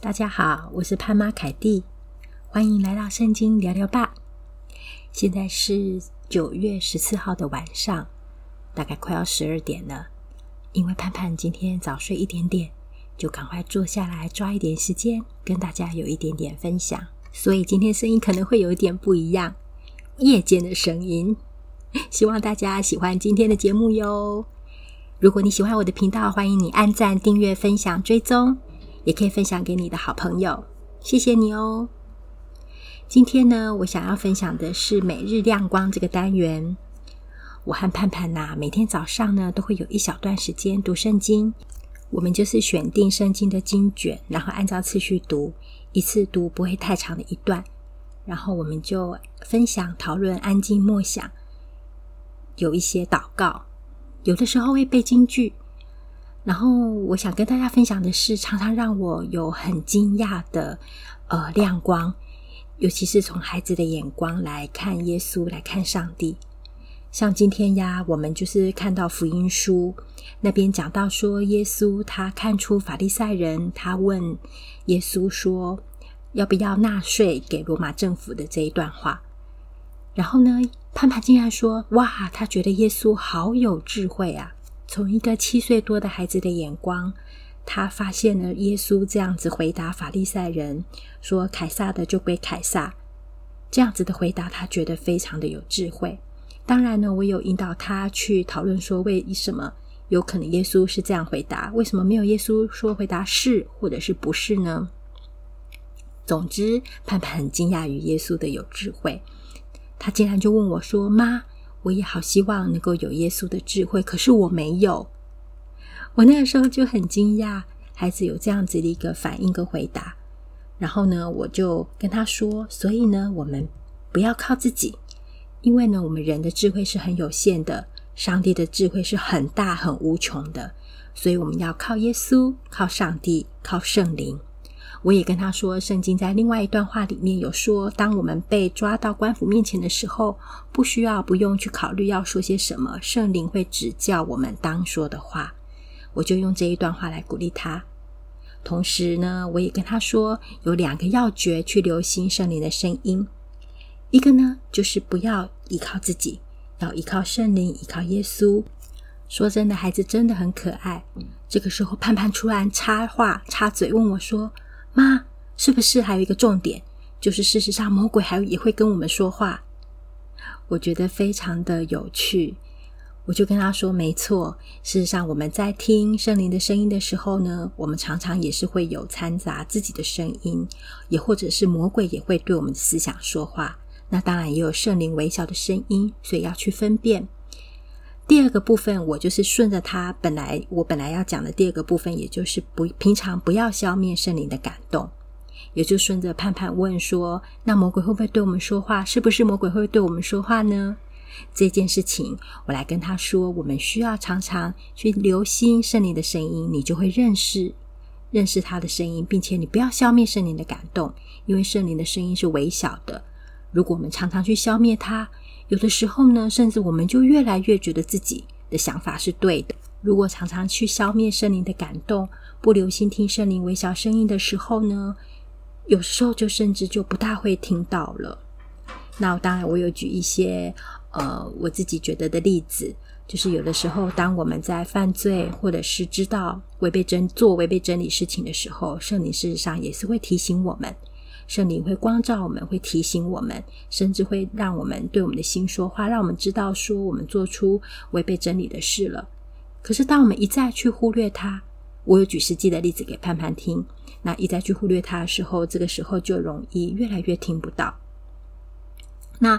大家好，我是潘媽凱蒂，歡迎來到聖經聊聊吧。現在是九月十四號的晚上，大概快要十二點了。因為盼盼今天早睡一點點，就趕快坐下來抓一點時間跟大家有一點點分享，所以今天聲音可能會有一點不一樣，夜間的聲音。希望大家喜歡今天的節目喲。如果你喜歡我的頻道，歡迎你按讚、訂閱、分享、追蹤。也可以分享給你的好朋友，謝謝你哦。今天呢，我想要分享的是每日亮光這個單元。我和盼盼吶、啊，每天早上呢，都會有一小段時間讀聖經。我們就是選定聖經的經卷，然後按照次序讀，一次讀不會太長的一段，然後我們就分享、討論、安靜默想，有一些禱告，有的時候會背金句。然後我想跟大家分享的是，常常讓我有很驚訝的呃亮光，尤其是從孩子的眼光來看耶穌，來看上帝。像今天呀，我們就是看到福音書那邊講到說，耶穌他看出法利賽人，他問耶穌說要不要納稅給羅馬政府的這一段話。然後呢，盼盼經常說：“哇，他覺得耶穌好有智慧啊！”從一個七歲多的孩子的眼光，他發現了耶穌這樣子回答法利賽人說：“凱撒的就歸凱撒。”這樣子的回答，他覺得非常的有智慧。當然呢，我有引導他去討論說，為什麼有可能耶穌是這樣回答？為什麼沒有耶穌說回答是或者是不是呢？總之，盼盼很驚訝於耶穌的有智慧，他竟然就問我說：“媽。”我也好希望能夠有耶穌的智慧，可是我沒有。我那個時候就很驚訝，孩子有這樣子的一個反應跟回答。然後呢，我就跟他說：“所以呢，我們不要靠自己，因為呢，我們人的智慧是很有限的，上帝的智慧是很大，很無窮的，所以我們要靠耶穌，靠上帝，靠聖靈。”我也跟他說，聖經在另外一段話裡面有說，當我們被抓到官府面前的時候，不需要不用去考慮要說些什麼，聖靈會指教我們當說的話。我就用這一段話來鼓勵他。同時呢，我也跟他說有兩個要訣去留心聖靈的聲音，一個呢就是不要依靠自己，要依靠聖靈，依靠耶穌。說真的，孩子真的很可愛。這個時候，盼盼突然插話插嘴問我說。媽，是不是還有一個重點，就是事實上魔鬼還有也會跟我們說話？我覺得非常的有趣，我就跟他說，沒錯，事實上我們在聽聖靈的聲音的時候呢，我們常常也是會有摻雜自己的聲音，也或者是魔鬼也會對我們思想說話。那當然也有聖靈微小的聲音，所以要去分辨。第二個部分，我就是順着他本來我本來要講的第二個部分，也就是不平常不要消滅聖靈的感動，也就順着盼盼問說：“那魔鬼會不會對我們說話？是不是魔鬼會對我們說話呢？”這件事情，我來跟他說，我們需要常常去留心聖靈的聲音，你就會認識認識他的聲音，並且你不要消滅聖靈的感動，因為聖靈的聲音是微小的，如果我們常常去消滅他。有的時候呢，甚至我們就越來越覺得自己的想法是對的。如果常常去消滅聖靈的感動，不留心聽聖靈微小聲音的時候呢，有時候就甚至就不大會聽到了。那當然，我有舉一些呃我自己覺得的例子，就是有的時候當我們在犯罪或者是知道違背真做違背真理事情的時候，聖靈事實上也是會提醒我們。聖靈會光照我們，會提醒我們，甚至會讓我們對我們的心說話，讓我們知道說我們做出違背真理的事了。可是當我們一再去忽略它，我有舉實際的例子給盼盼聽。那一再去忽略它的時候，這個時候就容易越來越聽不到。那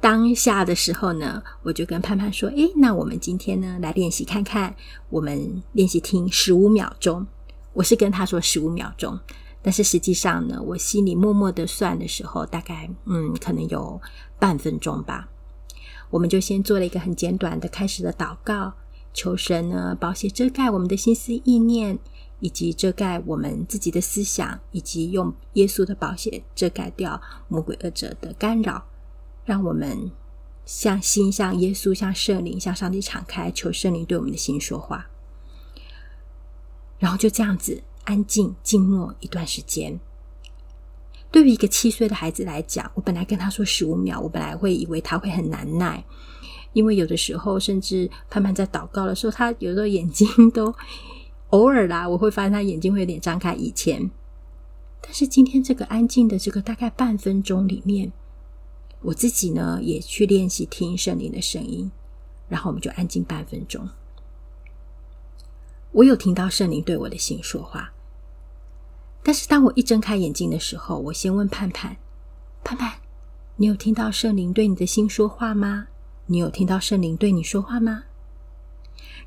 當下的時候呢，我就跟盼盼說：“哎，那我們今天呢，來練習看看，我們練習聽十五秒鐘。”我是跟他說十五秒鐘。但是實際上呢，我心裡默默地算的時候，大概嗯，可能有半分鐘吧。我們就先做了一個很簡短的開始的禱告，求神呢，寶血遮蓋我們的心思意念，以及遮蓋我們自己的思想，以及用耶穌的寶血遮蓋掉魔鬼惡者的干擾，讓我們向心向耶穌，向聖靈，向上帝敞開，求聖靈對我們的心說話。然後就這樣子。安靜靜默一段時間。對於一個七歲的孩子來講，我本來跟他說十五秒，我本來會以為他會很難耐，因為有的時候，甚至盼盼在禱告的時候，他有的時候眼睛都偶爾啦、啊，我會發現他眼睛會有點張開以前。但是今天這個安靜的這個大概半分鐘裡面，我自己呢也去練習聽聖靈的聲音，然後我們就安靜半分鐘。我有聽到聖靈對我的心說話。但是當我一睜開眼睛的時候，我先問盼盼：“盼盼，你有聽到聖靈對你的心說話嗎？你有聽到聖靈對你說話嗎？”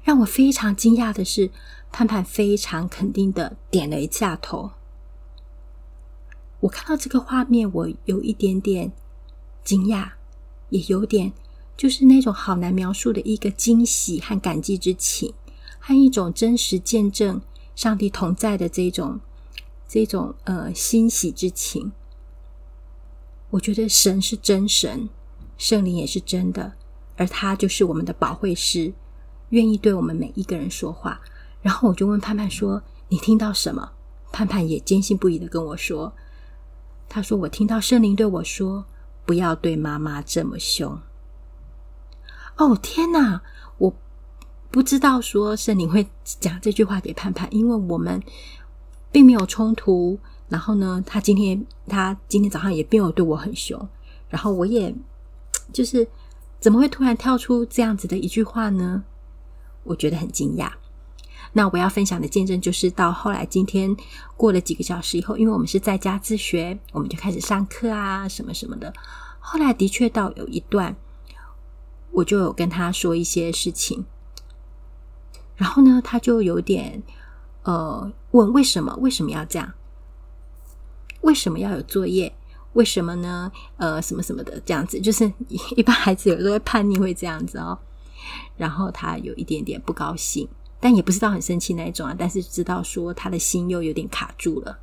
讓我非常驚訝的是，盼盼非常肯定的點了一下頭。我看到這個畫面，我有一點點驚訝，也有點就是那種好難描述的一個驚喜和感激之情，和一種真實見證上帝同在的這種。這種呃欣喜之情，我覺得神是真神，聖靈也是真的，而他就是我們的保惠師，願意對我們每一個人說話。然後我就問盼盼說：“你聽到什麼？”盼盼也堅信不疑地跟我說：“她說我聽到聖靈對我說，不要對媽媽這麼凶。哦”哦天哪！我不知道說聖靈會講這句話給盼盼，因為我們。並沒有衝突，然後呢，他今天他今天早上也並沒有對我很凶，然後我也，就是，怎麼會突然跳出這樣子的一句話呢？我覺得很驚訝。那我要分享的見證就是，到後來今天過了幾個小時以後，因為我們是在家自學，我們就開始上課啊，什麼什麼的。後來的確倒有一段，我就有跟他說一些事情，然後呢，他就有點。呃，問為什麼？為什麼要這樣？為什麼要有作業？為什麼呢？呃，什麼什麼的，這樣子就是一般孩子有時候會叛逆，會這樣子哦。然後他有一點點不高興，但也不知道很生氣那一種啊，但是知道說他的心又有點卡住了。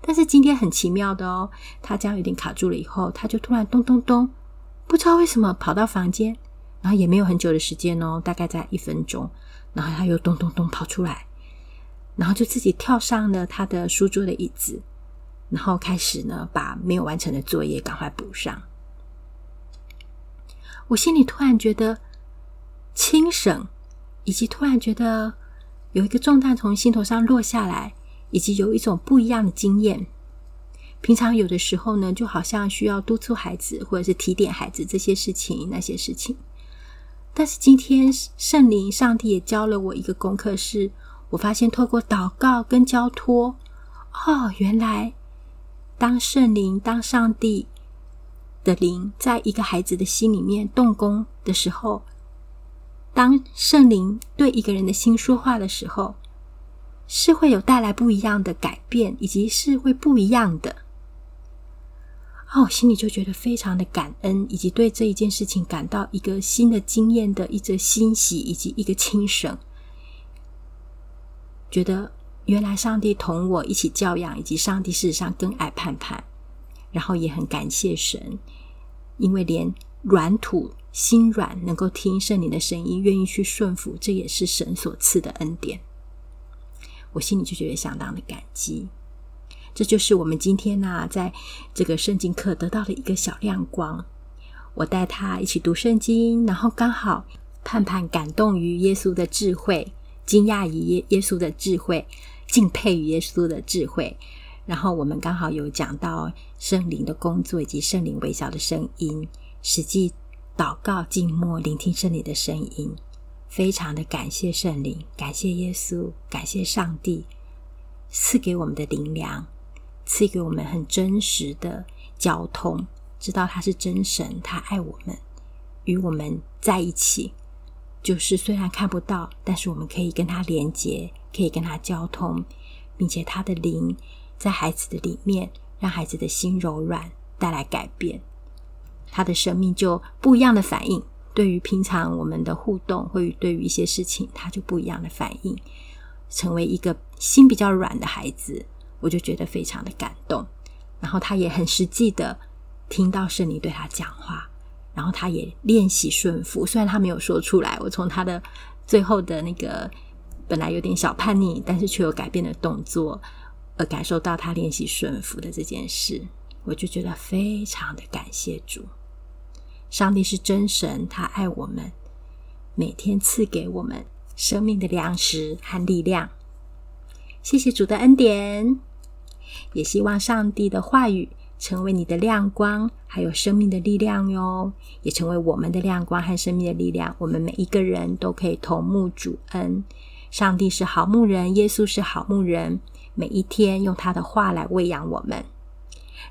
但是今天很奇妙的哦，他這樣有點卡住了以後，他就突然咚咚咚，不知道為什麼跑到房間，然後也沒有很久的時間哦，大概在一分鐘，然後他又咚咚咚跑出來。然後就自己跳上了他的書桌的椅子，然後開始呢把沒有完成的作業趕快補上。我心裡突然覺得輕省，以及突然覺得有一個重擔從心頭上落下來，以及有一種不一樣的經驗。平常有的時候呢，就好像需要督促孩子或者是提點孩子這些事情那些事情，但是今天聖靈、上帝也教了我一個功課是。我發現透過禱告跟交托，哦，原來當聖靈、當上帝的靈，在一個孩子的心裡面動工的時候，當聖靈對一個人的心說話的時候，是會有帶來不一樣的改變，以及是會不一樣的。哦，我心裡就覺得非常的感恩，以及對這一件事情感到一個新的經驗的一則欣喜，以及一個輕省。覺得原來上帝同我一起教養，以及上帝事實上更愛盼盼，然後也很感謝神，因為連軟土心軟能夠聽聖靈的聲音，願意去順服，這也是神所賜的恩典。我心裡就覺得相當的感激。這就是我們今天呢、啊，在這個聖經課得到的一個小亮光。我帶他一起讀聖經，然後剛好盼盼感動於耶穌的智慧。驚訝於耶，耶穌的智慧，敬佩於耶穌的智慧。然後我們剛好有講到聖靈的工作以及聖靈微小的聲音，實際禱告靜默聆聽聖靈的聲音，非常的感謝聖靈，感謝耶穌，感謝上帝賜給我們的靈糧，賜給我們很真實的交通，知道他是真神，他愛我們，與我們在一起。就是雖然看不到，但是我們可以跟他連接，可以跟他交通，並且他的靈在孩子的裡面，讓孩子的心柔軟，帶來改變。他的生命就不一樣的反應，對於平常我們的互動，會對於一些事情，他就不一樣的反應，成為一個心比較軟的孩子，我就覺得非常的感動。然後他也很實際的聽到聖靈對他講話。然後他也練習順服，雖然他沒有說出來，我從他的最後的那個本來有點小叛逆，但是卻有改變的動作，而感受到他練習順服的這件事，我就覺得非常的感謝主。上帝是真神，他愛我們，每天賜給我們生命的糧食和力量。謝謝主的恩典，也希望上帝的話語。成為你的亮光，還有生命的力量喲，也成為我們的亮光和生命的力量。我們每一個人都可以同沐主恩，上帝是好牧人，耶穌是好牧人，每一天用他的話來餵養我們，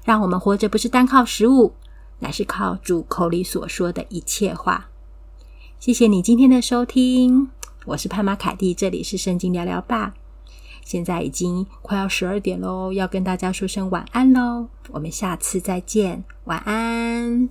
讓我們活着不是單靠食物，乃是靠主口裡所說的一切話。謝謝你今天的收聽，我是潘瑪凱蒂，這裡是聖經聊聊吧。現在已經快要十二點嘍，要跟大家說聲晚安嘍。我們下次再見，晚安！